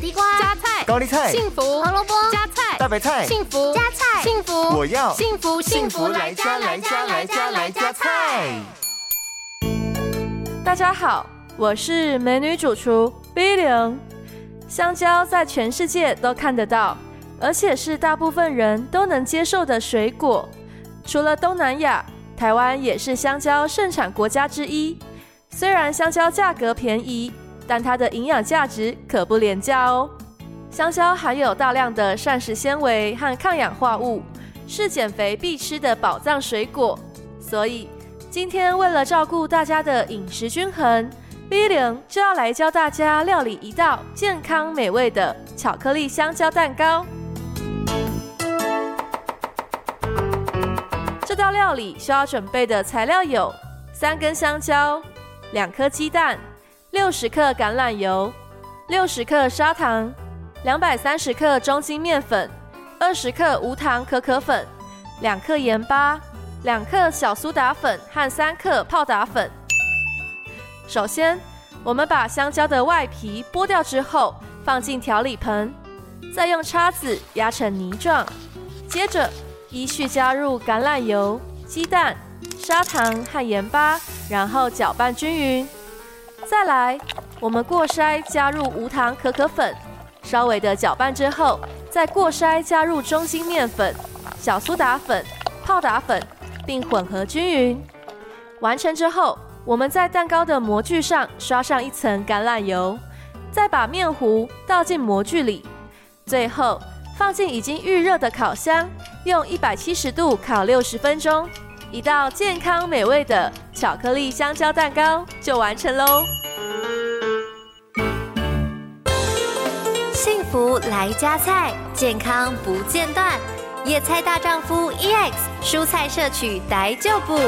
地瓜、加菜高麗菜、幸福、紅蘿蔔、加菜、大白菜、幸福、加菜、幸福，我要幸福幸福來加來加來加來加菜。大家好，我是美女主廚 Billion。香蕉在全世界都看得到，而且是大部分人都能接受的水果。除了東南亞，台灣也是香蕉盛產國家之一。雖然香蕉價格便宜，但它的營養價值可不廉價哦。香蕉含有大量的膳食纖維和抗氧化物，是減肥必吃的寶藏水果。所以今天為了照顧大家的飲食均衡，William 就要來教大家料理一道健康美味的巧克力香蕉蛋糕。這道料理需要準備的材料有三根香蕉、兩顆雞蛋。六十克橄欖油，六十克砂糖，兩百三十克中筋麵粉，二十克無糖可可粉，兩克鹽巴，兩克小蘇打粉和三克泡打粉。首先，我們把香蕉的外皮剝掉之後，放進調理盆，再用叉子壓成泥狀。接着，依序加入橄欖油、雞蛋、砂糖和鹽巴，然後攪拌均勻。再來，我們過篩加入無糖可可粉，稍微的攪拌之後，再過篩加入中筋麵粉、小蘇打粉、泡打粉，並混合均勻。完成之後，我們在蛋糕的模具上刷上一層橄欖油，再把麵糊倒進模具裡，最後放進已經預熱的烤箱，用一百七十度烤六十分鐘，一道健康美味的巧克力香蕉蛋糕就完成嘍。來加菜，健康不間斷。野菜大丈夫 EX，蔬菜攝取來就補。